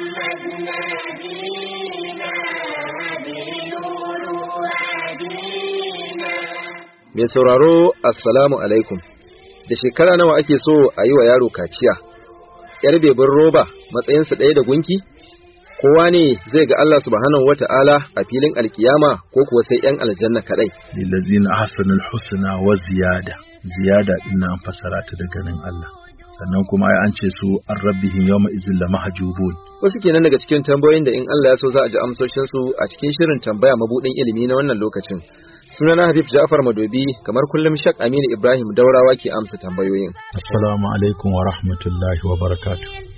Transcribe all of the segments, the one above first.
Mai sauraro, Assalamu alaikum, da shekara nawa ake so a yi wa yaro kaciya, ‘yar bebin roba matsayinsa ɗaya da gunki? Kowa ne zai ga Allah subhanahu wa ta'ala a filin alkiyama ko kuwa sai ‘yan aljanna kaɗai. Lillazina hasanul husna wa ziyada, ziyada ina fasara ta da ganin Allah. sannan kuma ai an ce su an rabbihim yawma izin la mahjubun wasu kenan daga cikin tambayoyin da in Allah ya so za a ji amsoshin su a cikin shirin tambaya mabudin ilimi na wannan lokacin sunana Habib Ja'far Madobi kamar kullum Shak Aminu Ibrahim Daurawa ke amsa tambayoyin assalamu alaikum wa rahmatullahi wa barakatuh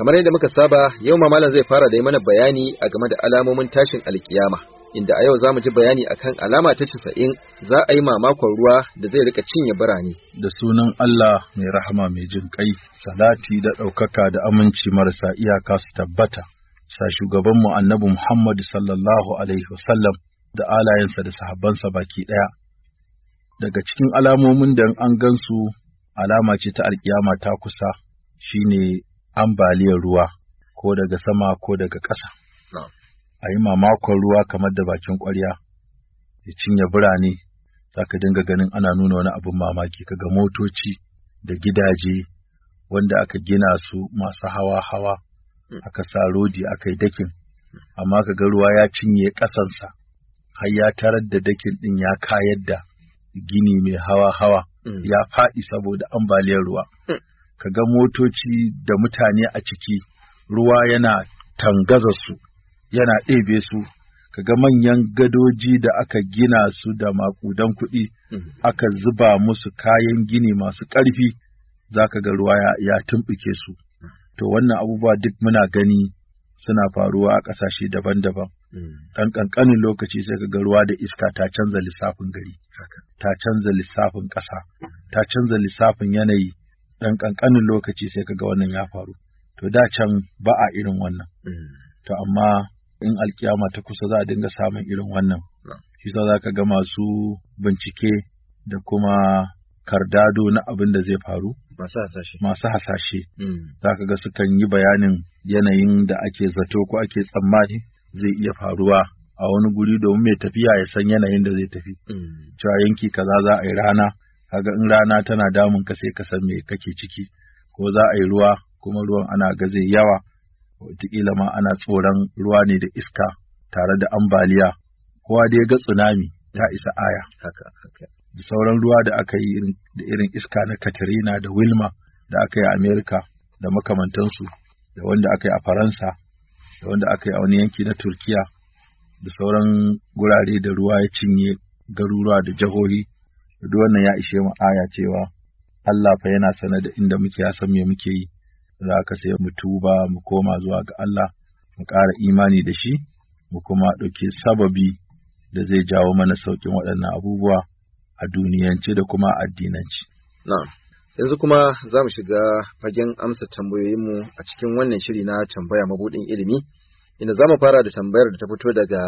kamar yadda muka saba yau ma malam zai fara da yi mana bayani a game da alamomin tashin alkiyama inda a yau za mu ji bayani akan alama ta casa'in za a yi mamakon ruwa da zai rika cinye birane da sunan Allah mai rahama mai jin kai salati da ɗaukaka da aminci marasa iyaka su tabbata sa shugabanmu annabi Muhammad sallallahu alaihi wasallam da alayensa da sahabbansa baki ɗaya daga cikin alamomin da an gansu alama ce ta alkiyama ta kusa shine ambaliyar ruwa ko daga sama ko daga ƙasa. A yi mamakon ruwa kamar da bakin ƙwarya, ya cinye birane, za ka dinga ganin ana nuna wani abin mamaki, kaga motoci da gidaje wanda aka gina su masu hawa-hawa, hmm. aka sa rodi aka yi dakin, amma kaga ruwa ya cinye ƙasansa, har ya tarar da dakin ɗin ya kayar da gini mai hawa-hawa, hmm. ya faɗi saboda ambaliyar ruwa. ka ga motoci da mutane a ciki ruwa yana tangaza su yana ɗebe su kaga manyan gadoji da aka gina su da makudan kuɗi mm-hmm. aka zuba musu kayan gini masu ƙarfi za ka ga ruwa ya, ya tumɓuke su to wannan abubuwa duk muna gani suna faruwa a ƙasashe daban-daban mm. ɗan ƙanƙanin lokaci sai ka ga ruwa da iska ta canza lissafin gari ta canza lissafin ƙasa ta canza lissafin yanayi ɗan ƙanƙanin lokaci sai ka ga wannan ya faru to da can ba a irin wannan mm. to amma in alkiyama ta kusa za a dinga samun irin wannan shi za ka ga masu bincike da kuma kardado na abin da zai faru masu hasashe masu hasashe mm. za ka ga sukan yi bayanin yanayin da ake zato ko ake tsammani zai iya faruwa a wani guri domin mai tafiya ya san yanayin da zai tafi mm. cewa yanki kaza za a yi rana kaga in rana tana damun ka sai ka san me kake ciki ko za a yi ruwa kuma ruwan ana ga zai yawa wataƙila ma ana tsoron ruwa ne da iska tare da ambaliya kowa dai ga tsunami ta isa aya haka da sauran ruwa da aka yi da irin iska na Katrina da Wilma da aka yi a Amerika da makamantansu da wanda aka yi a Faransa da wanda aka yi a wani yanki na Turkiya da sauran gurare da ruwa ya cinye garuruwa da jihohi duk wannan ya ishe mu aya cewa Allah fa yana sane da inda muke ya san me muke yi za ka sai mu tuba mu koma zuwa ga Allah mu ƙara imani da shi mu kuma ɗauki sababi da zai jawo mana sauƙin waɗannan abubuwa a duniyance da kuma addinanci. Na'am. Yanzu kuma za mu shiga fagen amsa tambayoyinmu a cikin wannan shiri na tambaya mabuɗin ilimi, inda za mu fara da tambayar da ta fito daga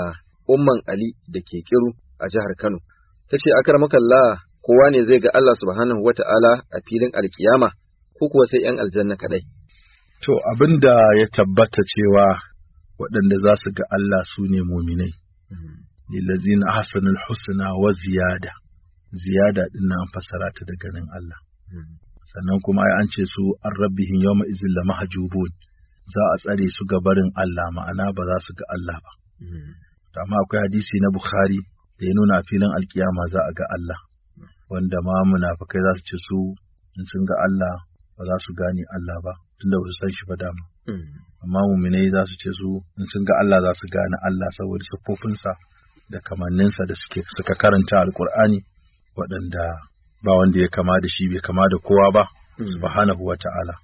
Umman Ali da ke Kiru a jihar Kano. ta ce akramakallah kowa ne zai ga Allah subhanahu wata'ala a filin alkiyama ko kuwa sai ‘yan aljanna kaɗai. To, abin da ya tabbata cewa waɗanda za su ga Allah su ne muminai, mm-hmm. lillazina hasanul husna wa ziyada, ziyada ɗin na fassara ta da ganin Allah. Mm-hmm. Sannan kuma an ce su an rabbihin yau ma'izin la mahajubun, za a tsare su ga barin Allah ma'ana ba za su ga Allah ba. Mm-hmm. Amma akwai hadisi na Bukhari da ya nuna filin alkiyama za a ga Allah wanda ma munafikai za su ce su in sun ga Allah ba za su gane Allah ba tunda ba su san shi ba dama hmm. amma muminai za su ce su in sun ga Allah za su gane Allah saboda siffofinsa da kamanninsa da suke suka karanta alkur'ani waɗanda ba wanda ya kama da shi bai kama da kowa ba hmm. subhanahu wa ta'ala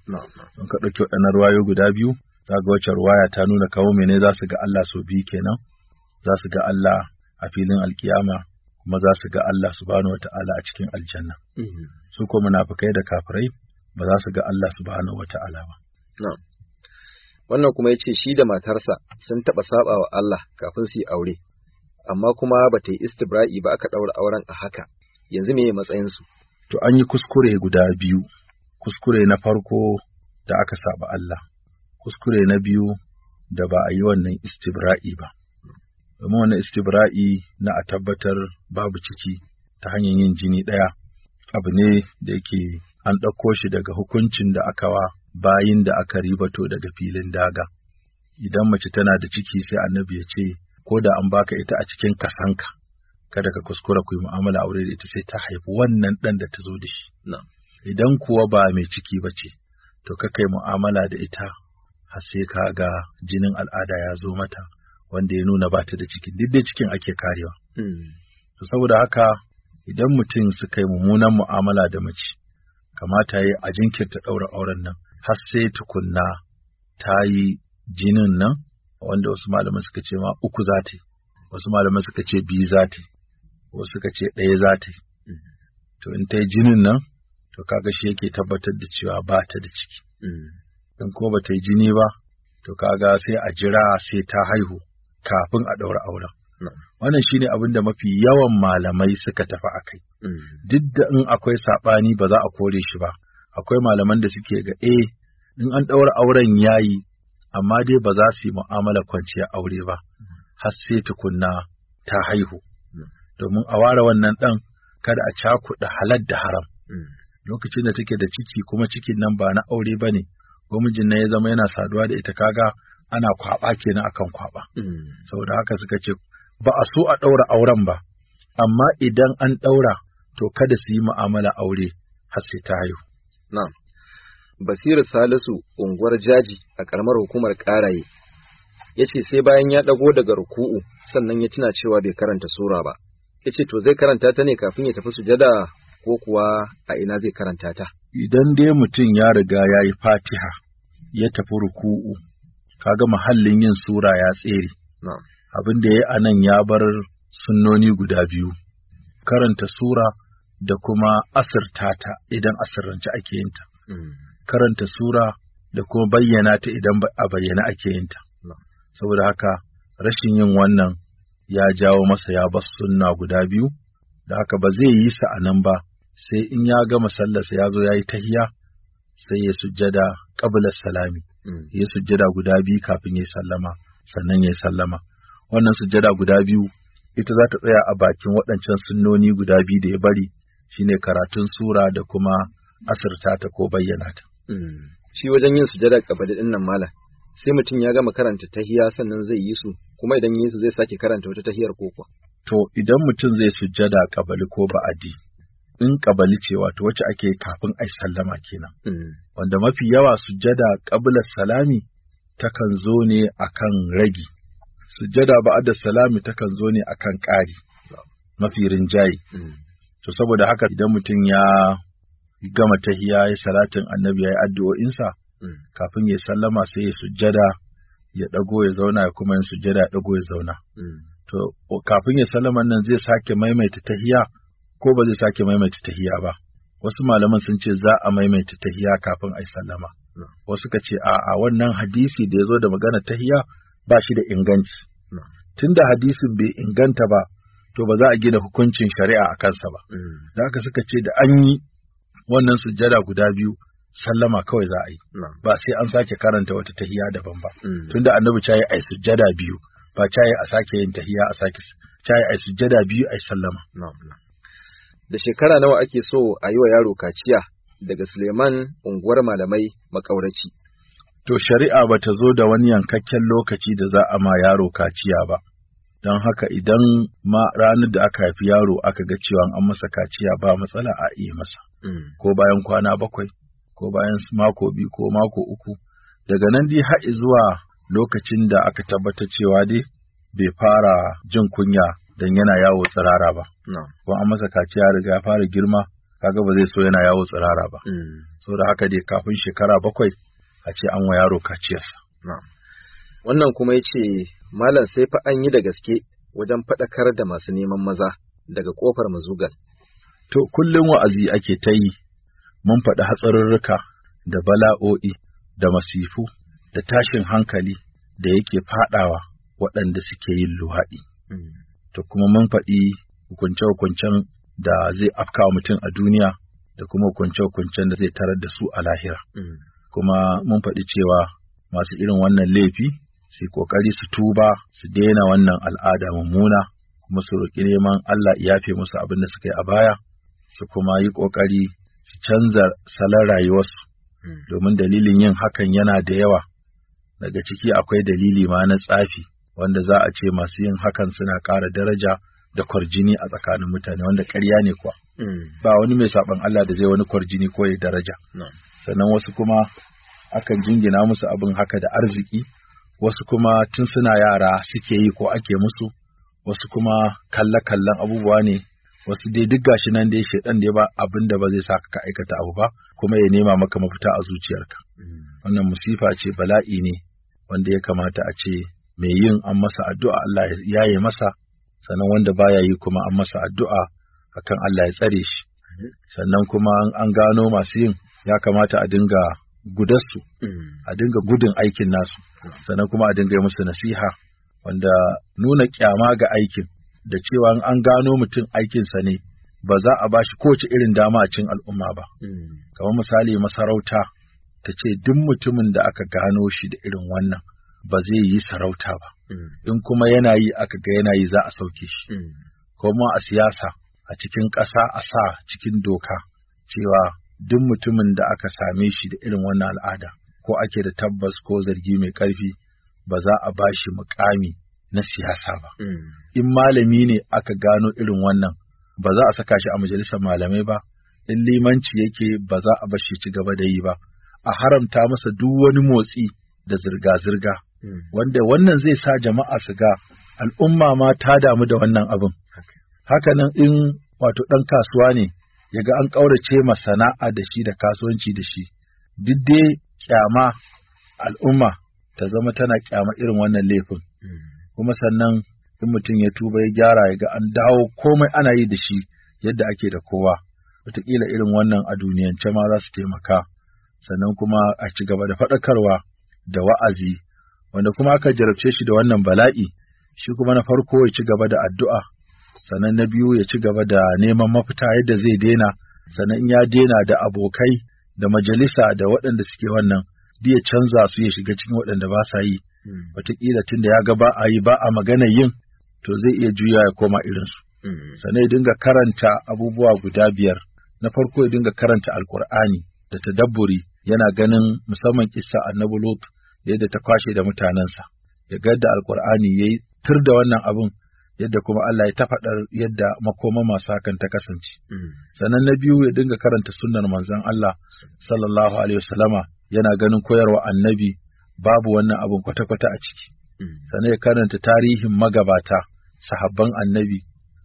in ka ɗauki waɗannan ruwayo guda biyu za ga wacce ruwaya ta nuna kawo mene za su ga Allah sau biyu kenan za su ga Allah a filin alkiyama kuma za su ga Allah subhanahu wata'ala a cikin aljanna. Mhm. Su ko munafukai da kafirai ba za su ga Allah subhanahu wata'ala ba. Wannan kuma ya ce shi da matarsa sun taɓa saɓa wa Allah kafin su yi aure, amma kuma ba ta yi istibra'i ba aka ɗaura auren a haka, yanzu me matsayinsu? To an yi kuskure guda biyu, kuskure na farko da aka saba Allah, kuskure na biyu da ba a yi wannan istibra'i ba. domin wannan istibra'i na a tabbatar babu ciki ta hanyar yin jini ɗaya abu ne da yake an ɗauko shi daga hukuncin da aka wa bayin da aka ribato daga filin daga. Idan mace tana da ciki sai annabi ya ce, ko da an baka ita a cikin kasanka, kada ka kuskura ku yi mu'amala aure da ita sai ta haifi wannan ɗan da ta zo da shi. Idan kuwa ba mai ciki ba ce, to ka kai mu'amala da ita har sai ka ga jinin al'ada ya zo mata, wanda ya nuna ba ta da ciki. duk da cikin ake karewa. Hmm. To saboda haka idan mutum suka yi mummunan mu'amala da mace kamata ya yi a jinkirta ɗaura auren nan har sai tukunna ta yi jinin nan wanda wasu malamai suka ce ma uku za ta yi wasu malamai suka ce biyu za ta yi wasu suka ce ɗaya za ta yi hmm. to in ta yi jinin nan to kaga shi yake tabbatar da cewa ba ta da ciki hmm. in ko ba ta yi jini ba to kaga sai a jira sai ta haihu kafin a ɗaura auren. Wannan shine abin da mafi yawan malamai suka tafi a kai. Mm. Duk da in akwai saɓani ba za a kore shi ba, akwai malaman da suke ga e in an ɗaura auren yayi amma dai ba za su yi mu'amala kwanciya aure ba, har sai tukunna ta haihu. Domin a ware wannan ɗan kada a cakuɗa halar da haram. Mm. Lokacin da take da ciki kuma cikin nan ba na aure ba ne, ko mijin ya zama yana saduwa da ita kaga ana kwaba kenan akan kwaba hmm. saboda haka suka ce ba a so a ɗaura auren ba amma idan an ɗaura to kada su yi mu'amala aure har sai ta haihu na'am Basiru Salisu unguwar Jaji a ƙaramar hukumar Ƙaraye ya ce sai bayan ya ɗago daga ruku'u sannan ya tuna cewa bai karanta sura ba ya ce to zai karanta ta ne kafin ya tafi sujada ko kuwa a ina zai karanta ta idan dai mutum ya riga ya yi fatiha ya tafi ruku'u kaga muhallin yin sura ya tsere abin da ya anan ya bar sunnoni guda biyu karanta sura da kuma asirta ta idan asirance ake yin ta hmm. karanta sura da kuma bayyana ta idan a bayyana ake yin ta saboda haka rashin yin wannan ya jawo masa ya bar sunna guda biyu da haka ba zai yi sa anan ba sai in ya gama sallarsa ya zo ya yi tahiya sai ya sujjada qabla salami mm. ya sujjada guda biyu kafin ya sallama sannan ya sallama wannan sujjada guda biyu ita za ta tsaya a bakin waɗancan sunnoni guda biyu da ya bari Shi ne karatun sura da kuma asirta ta ko bayyana ta mm. shi wajen yin sujjada qabla ɗin nan malam sai mutum ya gama karanta tahiya sannan zai yi su kuma idan yi su zai sake karanta wata tahiyar ko kuwa to idan mutum zai sujjada kabali ko ba'adi in kabali ce wato wacce ake kafin a sallama kenan. Mm. Wanda mafi yawa sujjada ƙabilar salami takan zo ne akan ragi, sujjada ba'ada salami takan zo ne akan ƙari, mafi rinjayi. Mm. To saboda haka idan mutum ya gama tahiya ya salatin annabi ya yi addu'o'insa, mm. kafin ya sallama sai ya sujjada ya ɗago ya zauna ya kuma yin sujjada ya ɗago ya zauna. To kafin ya sallama nan zai sake maimaita tahiya. ko ba zai sake maimaita tahiya ba wasu malaman sun ce za a maimaita tahiya kafin a yi sallama wasu ka ce a'a wannan hadisi da ya zo da magana tahiya ba shi da inganci tunda hadisin bai inganta ba to ba za a gina hukuncin shari'a a kansa ba da haka suka ce da an yi wannan sujjada guda biyu sallama kawai za a yi ba sai an sake karanta wata tahiya daban ba tunda annabi ta yi ai sujjada biyu ba ta yi a sake yin tahiya a sake ta yi ai sujjada biyu ai sallama da shekara nawa ake so a yi wa yaro kaciya daga Suleiman unguwar malamai makauraci. To shari'a ba ta zo da wani yankakken lokaci da za a ma yaro kaciya ba, don haka idan ma ranar da aka haifi yaro aka ga cewa an masa kaciya ba matsala a iya masa, mm. ko bayan kwana bakwai, ko bayan mako biyu ko mako uku, daga nan dai har zuwa lokacin da aka tabbata cewa dai bai fara jin kunya dan yana yawo tsirara ba ko an masa kaciya riga ya fara girma kaga ba zai so yana yawo tsirara ba mm. So, da haka dai kafin shekara bakwai a ce an wa yaro kaciyarsa wannan kuma ya ce malam sai fa an yi da gaske wajen faɗakar da masu neman maza daga ƙofar mazugal to kullum wa'azi ake ta yi mun faɗi hatsarurruka da bala'o'i da masifu da tashin hankali da yake faɗawa waɗanda suke yin luhaɗi. Mm. to kuma mun faɗi hukunce-hukuncen da zai wa mutum a duniya da kuma hukunce-hukuncen da zai tarar da su a lahira. Mm. Kuma mun faɗi cewa masu irin wannan laifi su ƙoƙari, su tuba su daina wannan al'ada mummuna kuma su roƙi neman Allah ya yafe musu abin da suka yi a baya su kuma yi ƙoƙari su canza salon rayuwarsu mm. domin dalilin yin hakan yana da yawa daga ciki akwai dalili ma na tsafi wanda za a ce masu yin hakan suna ƙara daraja da kwarjini a tsakanin mutane wanda ƙarya ne kuwa mm. ba wani mai saɓan Allah da zai wani kwarjini ko ya daraja sannan wasu kuma akan jingina musu abin haka da arziki wasu kuma tun suna yara suke yi ko ake musu wasu kuma kalle-kallen abubuwa ne wasu dai duk gashi nan dai shedan dai ba abin da ba zai sa ka aikata abu ba kuma ya nema maka mafita a zuciyarka mm. wannan musifa ce bala'i ne wanda ya kamata a ce mai yin an masa addu'a Allah ya yi masa sannan wanda baya yi kuma an masa addu'a akan Allah ya tsare shi sannan kuma an gano masu yin ya kamata a dinga gudarsu a dinga gudun aikin nasu sannan kuma a dinga yi musu nasiha wanda nuna kyama ga aikin da cewa an gano mutum aikinsa ne ba za a bashi kowace irin dama a cin al'umma ba kamar misali masarauta ta ce duk mutumin da aka gano shi da irin wannan ba zai yi sarauta ba mm. in kuma yana yi aka ga yana yi za a sauke shi mm. kuma a siyasa a cikin ƙasa a sa cikin doka cewa duk mutumin da aka same shi da irin wannan al'ada ko ake da tabbas ko zargi mai ƙarfi ba za a ba shi mukami na siyasa ba. Mm. In malami ne aka gano irin wannan ba za a saka shi a majalisar malamai ba, in limanci yake ba za a bar shi ci gaba da yi ba, a haramta masa duk wani motsi da zirga-zirga Hmm. wanda wannan zai sa jama'a su ga al'umma ma ta damu da wannan abin hakanan in wato ɗan kasuwa ne ya ga an ƙaurace ma sana'a da shi da kasuwanci da shi duk dai kyama al'umma ta zama tana ƙyama irin wannan laifin hmm. kuma sannan in mutum ya tuba ya gyara ya ga an dawo komai ana yi da shi yadda ake da kowa wataƙila irin wannan a duniyance ma za su taimaka sannan kuma a ci gaba da faɗakarwa da wa'azi wanda kuma aka jarabce shi da wannan bala'i shi kuma na farko ya ci gaba da addu'a sannan na biyu ya ci gaba da neman mafita yadda zai daina sannan ya daina da abokai da majalisa da waɗanda suke wannan duk ya canza su ya shiga cikin waɗanda ba sa yi hmm. wataƙila tun da ya ga ba a yi ba a magana yin to zai iya juya ya koma irin su. Hmm. sannan ya dinga karanta abubuwa guda biyar na farko ya dinga karanta alkur'ani da tadabburi yana ganin musamman kissa annabi Lot yadda ta kwashe da mutanensa ya ga yadda alkur'ani yayi tur da wannan abun yadda kuma Allah ya tafaɗar yadda makoma masu hakan ta kasance hmm. sannan na biyu ya dinga karanta sunnar manzon Allah sallallahu alaihi wasallama yana ganin koyarwa annabi babu wannan abun kwata-kwata a ciki hmm. sannan ya karanta tarihin magabata sahabban annabi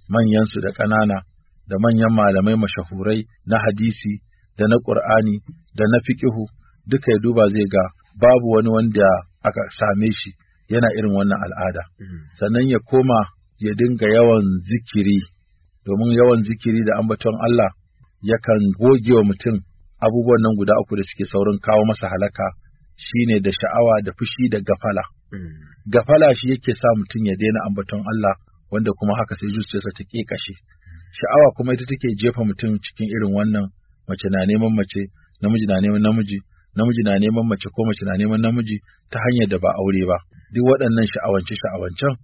manyansu da ƙanana da manyan malamai mashahurai na hadisi da na ƙur'ani da na fiƙihu duka ya duba zai ga babu wani wanda aka same shi yana irin wannan al'ada mm. sannan ya koma ya dinga yawan zikiri domin yawan zikiri da ambaton Allah yakan goge wa mutum abubuwan nan guda uku da suke saurin kawo masa halaka shine da sha'awa da fushi da gafala mm. gafala shi yake sa mutum ya daina ambaton Allah wanda kuma haka sai zuciyarsa ta kashe. sha'awa kuma ita take jefa mutum cikin irin wannan mace na neman mace namiji na neman namiji namiji na neman mace ko mace na neman namiji ta hanyar da ba aure ba duk waɗannan sha'awance sha'awancen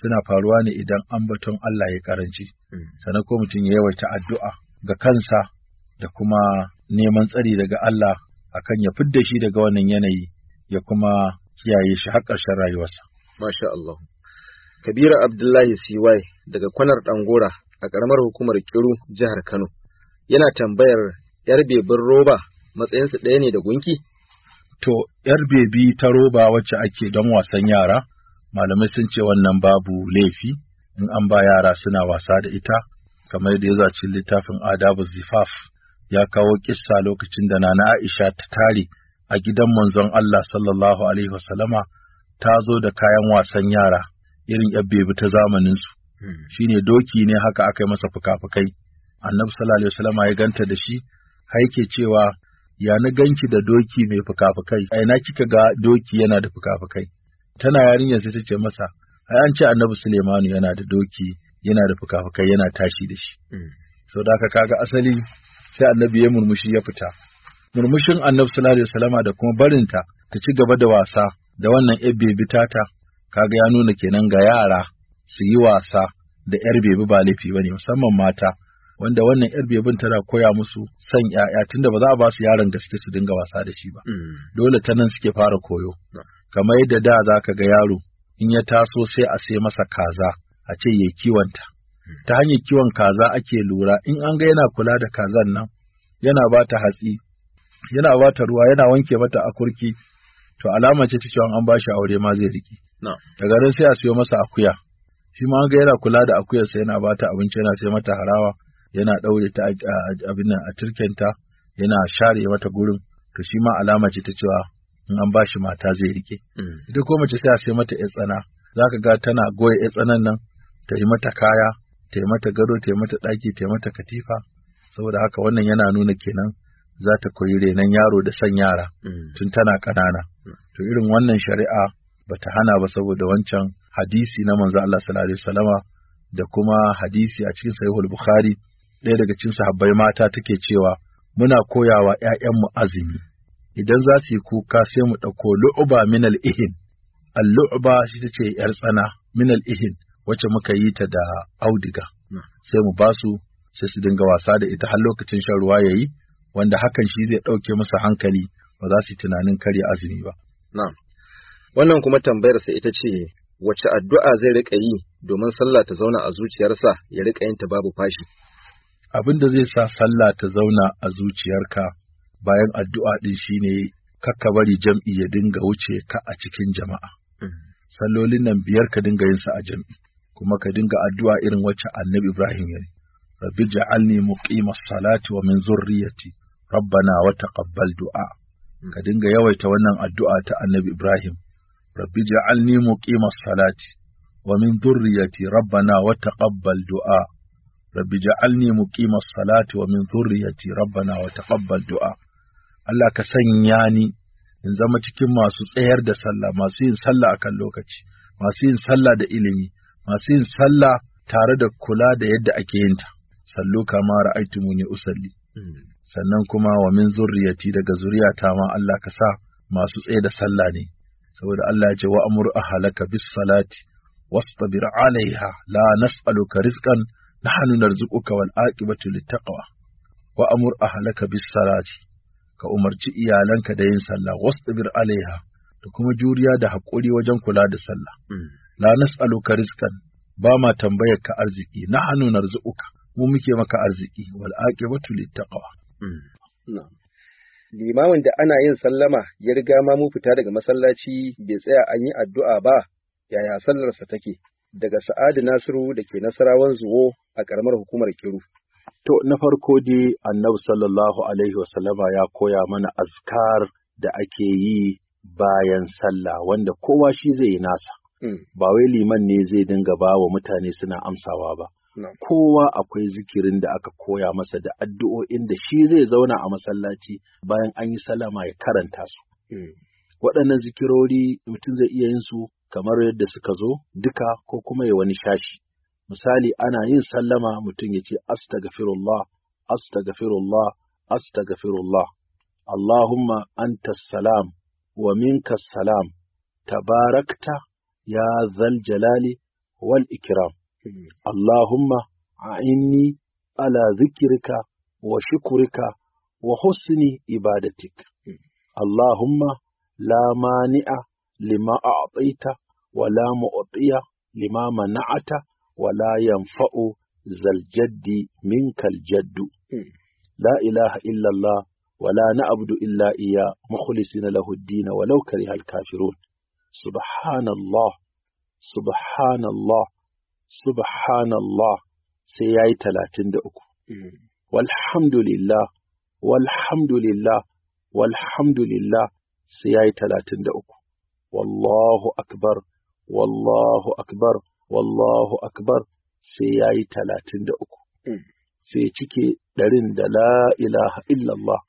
suna faruwa ne idan an batun Allah ya karanci hmm. sannan ko mutum ya yawaita addu'a ga kansa da kuma neman tsari daga Allah akan ya fidda shi daga wannan yanayi ya kuma kiyaye shi har ƙarshen rayuwarsa masha Allah Kabira Abdullahi Siwai daga kwanar Dangora a ƙaramar hukumar Kiru jihar Kano yana tambayar yar bebin roba matsayinsu ɗaya ne da gunki? To, ‘yar bebi ta roba wacce ake don wasan yara, malamai sun ce wannan babu laifi, in an ba yara suna wasa da ita, kamar da ya zaci littafin Adabu Zifaf ya kawo kissa lokacin da na Aisha ta tare a gidan manzon Allah sallallahu Alaihi wasallama ta zo da kayan wasan yara irin ‘yar bebi ta zamaninsu, hmm. shi ne doki ne haka aka yi masa fuka-fukai, annabi sallallahu Alaihi wasallama ya ganta da shi, haike cewa ya na ganki da doki mai fukafukai a ina kika ga doki yana da fukafukai tana yarinyar sai ta ce masa ai an ce annabi Sulemanu yana da doki yana da fukafukai yana tashi da shi mm. so da kaga asali sai annabi ya murmushi ya fita murmushin annabi sallallahu alaihi da kuma barinta ta ci gaba da wasa da wannan yar bebi tata kaga ya nuna kenan ga yara su yi wasa da yar bebi ba laifi bane musamman mata wanda wannan yar bebin tana koya musu san yaya tunda ba za a ba su yaron gaske su dinga wasa da shi ba mm. dole ta nan suke fara koyo kamar yadda da za ka ga yaro in ya taso sai a sai masa kaza a ce ya kiwonta mm. ta hanyar kiwon kaza ake lura in an ga yana kula da kazan nan yana ba ta hatsi yana ba ta ruwa yana wanke mata akurki to alama ce ta cewa an ba shi aure ma zai riki daga nan sai a siyo masa akuya shi ma an ga yana kula da akuyarsa yana ba ta abinci yana sai mata harawa yana ɗaure ta abin nan a turkenta yana share mata gurin to shi ma alama ce ta cewa in an ba shi mata zai rike mm. ita ko mace sai a sai mata yar tsana ka ga tana goya yar tsanan nan ta yi mata kaya ta yi mata gado ta yi mata ɗaki ta yi mata katifa saboda haka wannan yana nuna kenan za ta koyi renon yaro da san yara mm. tun tana ƙanana mm. to irin wannan shari'a bata hana ba saboda wancan hadisi na manzo Allah sallallahu alaihi wasallama da kuma hadisi a cikin sahihul bukhari ɗaya daga cikin sahabbai mata take cewa muna koyawa ‘ya'yanmu azumi, idan za su yi kuka sai mu ɗauko lu'uba minal ihin, al-lu'uba shi ta ce ‘yar tsana minal ihin wacce muka yi ta da audiga, hmm. sai mu basu sai su dinga wasa da ita har lokacin shan ruwa ya yi, wanda hakan shi zai ɗauke musu hankali ba za su yi tunanin karya azumi ba. Wannan kuma tambayarsa ita ce wace addu'a zai riƙa yi domin sallah ta zauna a zuciyarsa ya riƙa yin ta babu fashi. abin da zai sa sallah ta zauna a zuciyarka bayan addu'a ɗin ne kakka bari jam'i ya dinga wuce ka a cikin jama'a. Sallolin nan biyar ka dinga yin sa a jam'i, kuma ka dinga addu'a irin wacce annabi Ibrahim ya yi. Rabbi ja'alni muqimas salati wa min zurriyati rabbana wa taqabbal du'a. Ka dinga yawaita wannan addu'a ta annabi Ibrahim. Rabbi ja'alni muqimas salati wa min zurriyati rabbana wa taqabbal du'a. rabbi ja'alni muqimas salati wa min dhurriyyati rabbana wa taqabbal du'a Allah ka sanya ni in zama cikin masu tsayar da sallah masu yin sallah akan lokaci masu yin sallah da ilimi masu yin sallah tare da kula da yadda ake yin ta sallu kama ra'aytumuni usalli hmm. sannan kuma wa min zurriyati daga zuriyata ma Allah ka sa masu tsaye da sallah ne saboda Allah ya ce wa amur ahlaka bis salati wastabir alaiha la nas'aluka rizqan nahnu narzuquka wal aqibatu littaqwa wa amur ahlaka bis salati ka umarci iyalanka da yin sallah wasu tsibir alaiha da kuma juriya da haƙuri wajen kula da sallah la nas'aluka rizqan ba ma tambayar ka arziki nahnu narzuquka mu muke maka arziki wal aqibatu littaqwa na'am limamin da ana yin sallama ya riga ma mu fita daga masallaci bai tsaya an yi addu'a ba yaya sallarsa take daga Sa'adu Nasiru da ke Nasarawan Zuwo a ƙaramar hukumar Kiru. To na farko dai Annabi sallallahu alaihi wasallama ya koya mana azkar da ake yi bayan sallah wanda kowa shi zai yi nasa. Hmm. Ba wai liman ne zai dinga ba wa mutane suna amsawa ba. Kowa akwai zikirin da aka koya masa da addu'o'in da shi zai zauna a masallaci bayan an yi sallama ya karanta su. Hmm. Waɗannan zikirori mutum zai iya yin su kamar yadda suka zo duka ko kuma ya wani shashi misali ana yin sallama mutum ya ce astaghfirullah astaghfirullah astaghfirullah Allahumma anta salam wa minka salam tabarakta ya zal jalali wal ikram Allahumma a'inni ala zikirka wa shukrika wa husni ibadatik Allahumma la mani'a لما أعطيت ولا معطي لما منعت ولا ينفع ذا الجد منك الجد لا إله إلا الله ولا نعبد إلا إياه مخلصين له الدين ولو كره الكافرون سبحان الله سبحان الله سبحان الله سيأي تلاتين دعوكم والحمد لله والحمد لله والحمد لله سيأي تلاتين دعوكم wallahu akbar wallahu akbar wallahu akbar sai ya yi talatin da uku hmm. sai cike ɗarin da la ilaha illallah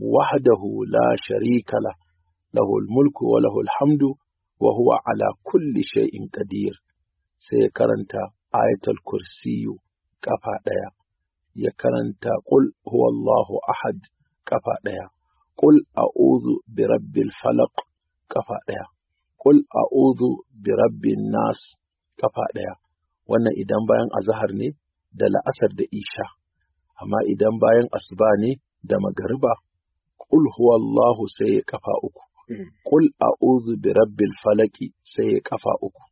wahdahu la sharika la lahul mulku wa lahul hamdu wa huwa ala kulli shay'in qadir sai ya karanta ayatul kursiyu ƙafa ɗaya ya karanta qul huwallahu ahad ƙafa ɗaya qul a'udhu birabbil falaq ƙafa ɗaya Kul a'udhu bi rabbin nas kafa ɗaya, wannan idan bayan azahar ne da la'asar da isha, amma idan bayan asuba ne da magariba, kul huwallahu sai ya kafa uku, kul hmm. a'udhu bi rabbil falaki sai ya kafa uku,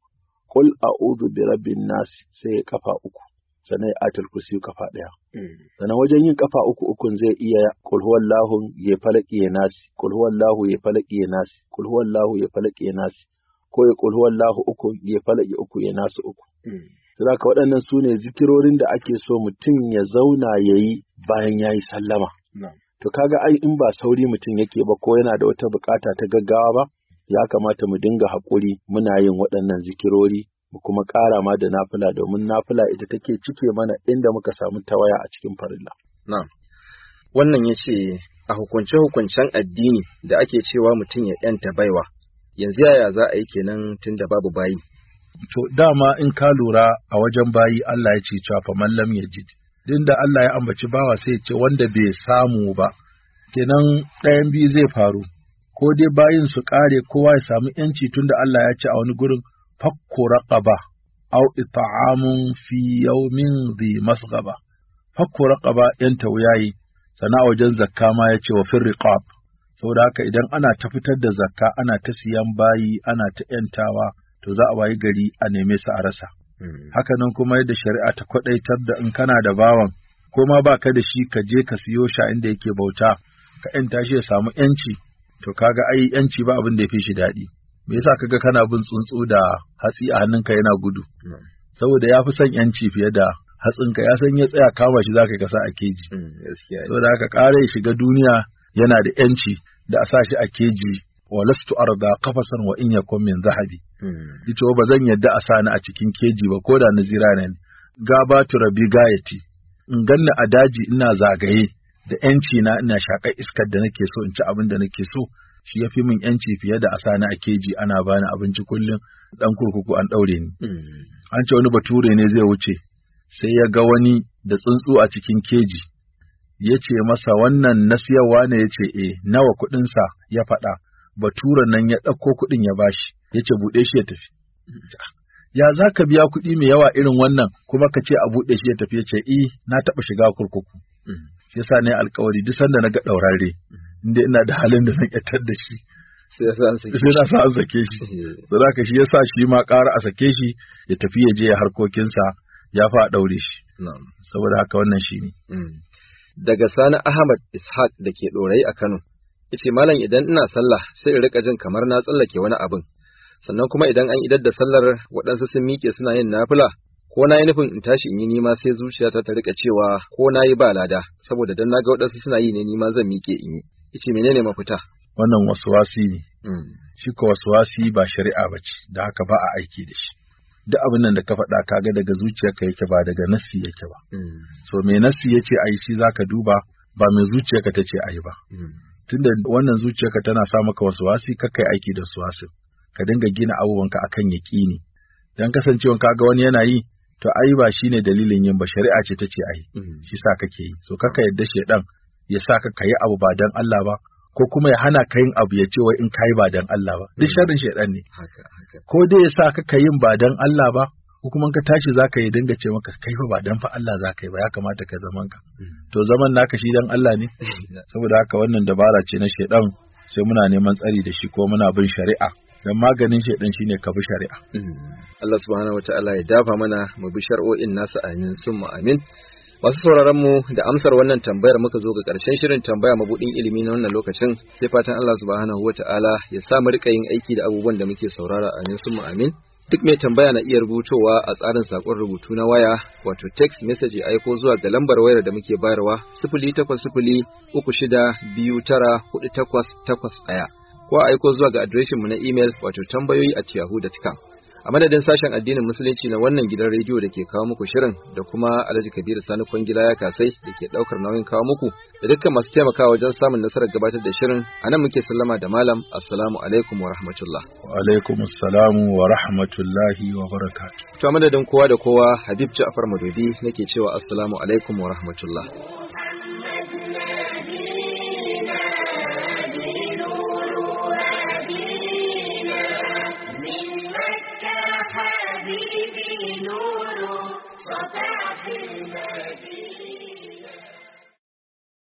kul a'udhu bi rabbin nas sai ya kafa uku, sannan ya atal kursi kafa ɗaya. Hmm. Sannan wajen yin kafa uku ukun zai iya kulhuwan lahun ya falaki ya nasi, kulhuwan lahu ya falaki ya nasi, kulhuwan lahu ya falaki ya nasi, ko ya kulhuwan lahu uku ya falaki uku ya nasi uku. Hmm. ka waɗannan su ne zikirorin da ake so mutum ya zauna ya yi bayan ya yi sallama. To kaga ai in ba sauri mutum yake ba ko yana da wata bukata ta gaggawa ba, ya kamata mu dinga haƙuri muna yin waɗannan zikirori mu kuma ƙara ma da nafila domin nafila ita take cike mana inda muka samu tawaya a cikin farilla. Na'am. Wannan ya ce a hukunce-hukuncen addini da ake cewa mutum ya ‘yanta baiwa, yanzu yaya za a yi kenan tun da babu bayi. To dama in ka lura a wajen bayi Allah ya ce cewa fa mallam ya ji. Din da Allah ya ambaci bawa sai ce wanda bai samu ba, kenan ɗayan biyu zai faru. Ko dai bayin su ƙare kowa ya samu ‘yanci tunda Allah ya ce a wani gurin fakku raqaba aw it'amun fi yawmin dhi masghaba fakku raqaba yan tauyayi sana wajen zakka ma yace wa fir riqab saboda haka idan ana ta fitar da zakka ana ta siyan bayi ana ta yantawa to za a wayi gari a neme su a rasa haka nan kuma yadda shari'a ta kwadaitar da in kana da bawan ko ma baka da shi ka je ka siyo shi inda yake bauta ka yanta shi ya samu yanci to kaga ai yanci ba abin da ya fi shi daɗi me yasa kaga kana bin tsuntsu da hatsi a hannunka yana gudu mm. saboda ya fi son yanci fiye da hatsinka ya san ya tsaya kama shi zaka kasa a keji mm, saboda haka ƙara shiga duniya yana da yanci da a sa shi a keji wa lastu arda qafasan wa in yakum min zahabi dito mm. oh, ba zan yadda a sa ni a cikin keji ba ko da na zira ne gaba Rabi gayati in ganna a daji ina zagaye da yanci na ina shakar iskar da nake so in ci abin da nake so shi ya fi min yanci fiye da a sani a keji ana bani abinci kullum dan kurkuku an daure ni hmm. an ce wani bature ne zai wuce sai ya ga wani da tsuntsu a cikin keji ya ce masa wannan na siyarwa ne ya ce e nawa kuɗinsa ya faɗa Bature nan ya ɗauko kuɗin ya bashi ya ce buɗe shi ya tafi hmm. ya za ka biya kuɗi mai yawa irin wannan kuma ka ce a buɗe shi ya tafi ya ce eh na taɓa shiga kurkuku hmm. yasa ne alkawari duk sanda na ga ɗaurare inda ina da halin da zan ƙyatar da shi sai ya sa an sake shi da za ka shi ya sa shi ma ƙara a sake shi ya tafi ya je ya harkokinsa ya fa ɗaure shi saboda haka wannan shi ne mm. daga sani ahmad ishaq da ke Dorai a kano yace malam idan ina sallah sai in rika jin kamar na tsallake wani abin sannan kuma idan an idar da sallar waɗansu sun miƙe suna yin nafila ko na yi nufin in tashi in yi nima sai zuciyata ta rika cewa ko na yi ba lada saboda dan na ga waɗansu suna yi ne nima zan miƙe in yi yace menene mafita wannan waswasi ne hmm. shi ko waswasi ba shari'a ba da haka ba a aiki da shi duk abin nan da ka faɗa kaga daga zuciyarka yake ba daga nassi yake ba hmm. so me nassi yace ayi shi zaka duba ba mai zuciyarka tace ayi ba hmm. tunda wannan zuciyarka tana sa maka waswasi kakai aiki da waswasi ka dinga gina abubuwanka akan yaqini dan kasancewa kaga wani yana yi to ai ba shine dalilin yin ba shari'a ce tace ai shi sa kake yi so kaka yadda shedan ya saka kayi abu ba dan Allah ba ko kuma ya hana ka yin abu ya ce wai in yi ba dan Allah ba duk hmm. sharrin shaidan ne ko dai ya sa ka yin ba dan Allah ba ko kuma ka tashi za ka yi dinga ce maka kai fa ba dan fa Allah za ka yi ba ya kamata ka zaman ka hmm. to zaman naka shi dan Allah ne saboda haka wannan dabara ce na shaidan sai muna neman tsari da shi ko muna bin shari'a dan maganin shi ne ka bi shari'a hmm. Allah subhanahu Ta'ala ya dafa mana mu bi shar'o'in nasu amin summa amin Masu sauraron mu da amsar wannan tambayar muka zo ga ƙarshen shirin tambaya mabudin ilimi na wannan lokacin sai fatan Allah subhanahu ta'ala ya sa mu rika yin aiki da abubuwan da muke saurara amin sun mu amin. Duk mai tambaya na iya rubutowa a tsarin sakon rubutu na waya wato text message aiko zuwa ga lambar wayar da muke bayarwa uku shida, biyu tara, ɗaya ko aiko zuwa ga adireshinmu na imel wato tambayoyi a yahoo.com. a madadin sashen addinin musulunci na wannan gidan rediyo da ke kawo muku shirin da kuma alhaji kabiru sani kwangila ya kasai da ke ɗaukar nauyin kawo muku da dukkan masu taimakawa wajen samun nasarar gabatar da shirin a nan muke sallama da malam assalamu alaikum wa rahmatullah wa alaikum assalamu wa rahmatullahi wa barakatuh to madadin kowa da kowa habib ja'far madobi nake cewa assalamu alaikum wa rahmatullah down.